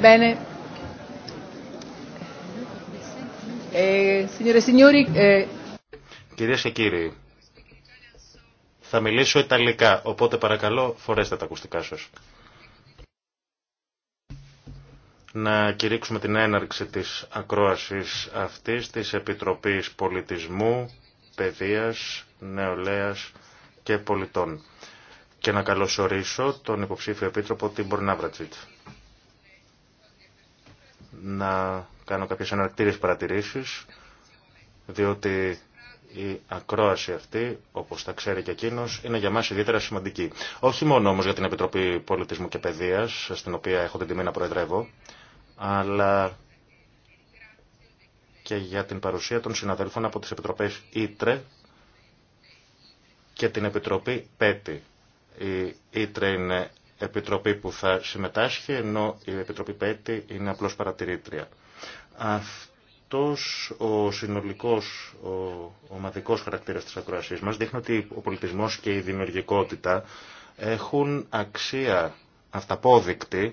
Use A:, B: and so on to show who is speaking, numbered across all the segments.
A: Bene. Ε, eh, e eh. Κυρίε και κύριοι, θα μιλήσω Ιταλικά, οπότε παρακαλώ φορέστε τα ακουστικά σας. Να κηρύξουμε την έναρξη της ακρόασης αυτής της Επιτροπής Πολιτισμού, Παιδείας, Νεολαίας και Πολιτών. Και να καλωσορίσω τον υποψήφιο επίτροπο την Ναύρατσιτ να κάνω κάποιες αναρκτήριες παρατηρήσεις, διότι η ακρόαση αυτή, όπως τα ξέρει και εκείνο, είναι για μας ιδιαίτερα σημαντική. Όχι μόνο όμως για την Επιτροπή Πολιτισμού και Παιδείας, στην οποία έχω την τιμή να προεδρεύω, αλλά και για την παρουσία των συναδέλφων από τις Επιτροπές Ήτρε και την Επιτροπή ΠΕΤΗ. Η είναι επιτροπή που θα συμμετάσχει, ενώ η Επιτροπή ΠΕΤΗ είναι απλώς παρατηρήτρια. Αυτός ο συνολικός, ο ομαδικός χαρακτήρας της ακροασής μας δείχνει ότι ο πολιτισμός και η δημιουργικότητα έχουν αξία αυταπόδεικτη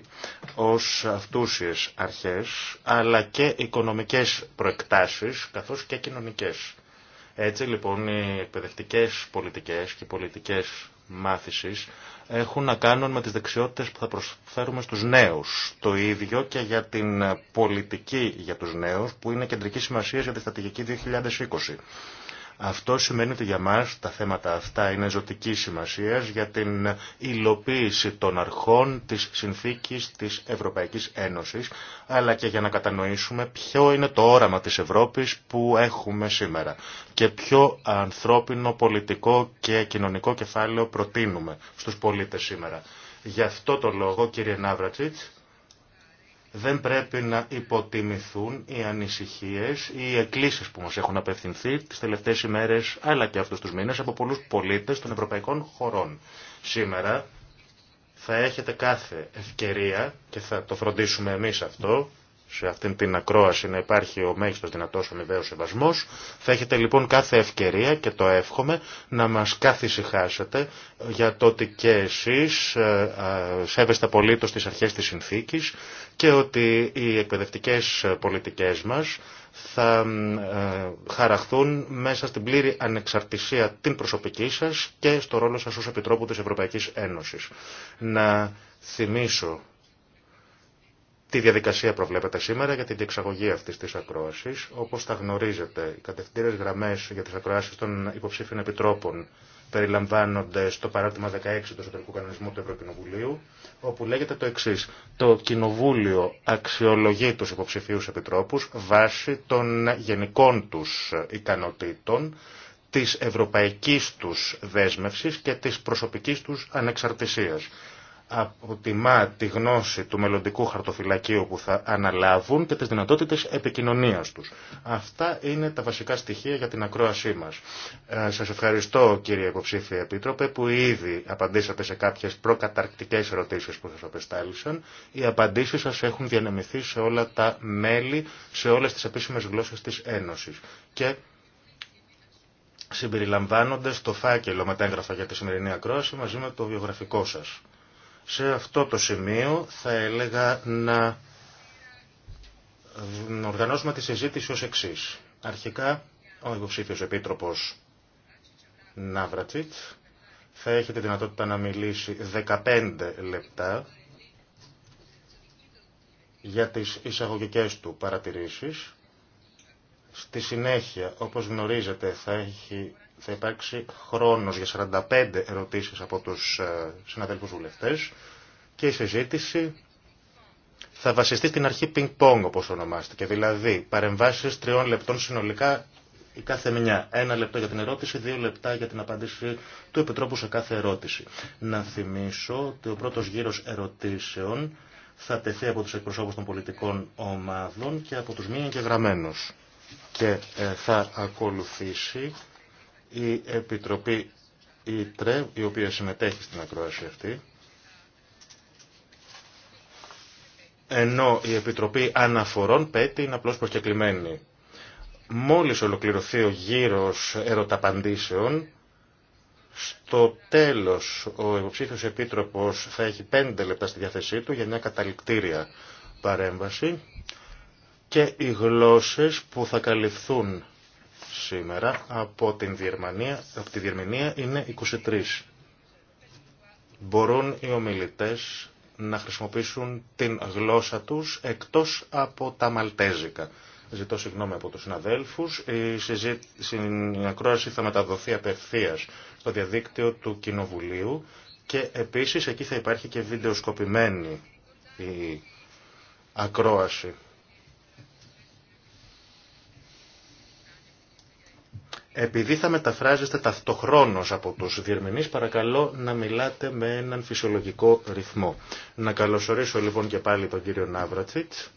A: ως αυτούσιες αρχές, αλλά και οικονομικές προεκτάσεις, καθώς και κοινωνικές. Έτσι λοιπόν οι εκπαιδευτικές πολιτικές και οι πολιτικές μάθησης έχουν να κάνουν με τις δεξιότητες που θα προσφέρουμε στους νέους. Το ίδιο και για την πολιτική για τους νέους που είναι κεντρική σημασία για τη στρατηγική 2020. Αυτό σημαίνει ότι για μας τα θέματα αυτά είναι ζωτική σημασία για την υλοποίηση των αρχών της συνθήκης της Ευρωπαϊκής Ένωσης, αλλά και για να κατανοήσουμε ποιο είναι το όραμα της Ευρώπης που έχουμε σήμερα και ποιο ανθρώπινο, πολιτικό και κοινωνικό κεφάλαιο προτείνουμε στους πολίτες σήμερα. Γι' αυτό το λόγο, κύριε Ναύρατσιτς, δεν πρέπει να υποτιμηθούν οι ανησυχίες, οι εκκλήσεις που μας έχουν απευθυνθεί τις τελευταίες ημέρες, αλλά και αυτούς τους μήνες, από πολλούς πολίτες των ευρωπαϊκών χωρών. Σήμερα θα έχετε κάθε ευκαιρία, και θα το φροντίσουμε εμείς αυτό, σε αυτήν την ακρόαση να υπάρχει ο μέγιστος δυνατός αμοιβαίος σεβασμός. Θα έχετε λοιπόν κάθε ευκαιρία και το εύχομαι να μας καθησυχάσετε για το ότι και εσείς ε, ε, σέβεστε απολύτως τις αρχές της συνθήκης και ότι οι εκπαιδευτικές πολιτικές μας θα ε, χαραχθούν μέσα στην πλήρη ανεξαρτησία την προσωπική σας και στο ρόλο σας ως Επιτρόπου της Ευρωπαϊκής Ένωσης. Να θυμίσω τη διαδικασία προβλέπεται σήμερα για την διεξαγωγή αυτή τη ακρόαση. Όπω τα γνωρίζετε, οι κατευθυντήρε γραμμέ για τι ακροάσει των υποψήφιων επιτρόπων περιλαμβάνονται στο παράδειγμα 16 του εσωτερικού κανονισμού του Ευρωκοινοβουλίου, όπου λέγεται το εξή. Το Κοινοβούλιο αξιολογεί του υποψηφίου επιτρόπου βάσει των γενικών του ικανοτήτων, τη ευρωπαϊκή του δέσμευση και τη προσωπική του ανεξαρτησία αποτιμά τη γνώση του μελλοντικού χαρτοφυλακίου που θα αναλάβουν και τις δυνατότητες επικοινωνίας τους. Αυτά είναι τα βασικά στοιχεία για την ακρόασή μας. Ε, σας ευχαριστώ κύριε υποψήφια Επίτροπε που ήδη απαντήσατε σε κάποιες προκαταρκτικές ερωτήσεις που σας απεστάλησαν. Οι απαντήσεις σας έχουν διανεμηθεί σε όλα τα μέλη, σε όλες τις επίσημες γλώσσες της Ένωσης. Και συμπεριλαμβάνονται στο φάκελο με τα έγγραφα για τη σημερινή ακρόαση μαζί με το βιογραφικό σας. Σε αυτό το σημείο θα έλεγα να οργανώσουμε τη συζήτηση ως εξής. Αρχικά, ο υποψήφιος επίτροπος Ναύρατσιτ θα έχει τη δυνατότητα να μιλήσει 15 λεπτά για τις εισαγωγικές του παρατηρήσεις. Στη συνέχεια, όπως γνωρίζετε, θα έχει θα υπάρξει χρόνος για 45 ερωτήσεις από τους ε, συναδέλφους βουλευτές και η συζήτηση θα βασιστεί στην αρχή ping-pong όπως ονομάστηκε, δηλαδή παρεμβάσεις τριών λεπτών συνολικά η κάθε μια. Ένα λεπτό για την ερώτηση, δύο λεπτά για την απάντηση του Επιτρόπου σε κάθε ερώτηση. Να θυμίσω ότι ο πρώτος γύρος ερωτήσεων θα τεθεί από τους εκπροσώπους των πολιτικών ομάδων και από τους μη εγγεγραμμένους. Και ε, θα ακολουθήσει η Επιτροπή η η οποία συμμετέχει στην ακρόαση αυτή, ενώ η Επιτροπή Αναφορών ΠΕΤΗ είναι απλώς προσκεκλημένη. Μόλις ολοκληρωθεί ο γύρος ερωταπαντήσεων, στο τέλος ο υποψήφιος επίτροπος θα έχει πέντε λεπτά στη διάθεσή του για μια καταληκτήρια παρέμβαση και οι γλώσσες που θα καλυφθούν σήμερα από, την από τη Διερμηνία είναι 23. Μπορούν οι ομιλητές να χρησιμοποιήσουν την γλώσσα τους εκτός από τα μαλτέζικα. Ζητώ συγγνώμη από τους συναδέλφους. Η ακρόαση θα μεταδοθεί απευθείας στο διαδίκτυο του Κοινοβουλίου και επίσης εκεί θα υπάρχει και βιντεοσκοπημένη η ακρόαση. Επειδή θα μεταφράζεστε ταυτοχρόνως από τους διερμηνείς, παρακαλώ να μιλάτε με έναν φυσιολογικό ρυθμό. Να καλωσορίσω λοιπόν και πάλι τον κύριο Ναύρατσιτς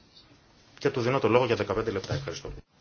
A: και του δίνω το λόγο για 15 λεπτά. Ευχαριστώ.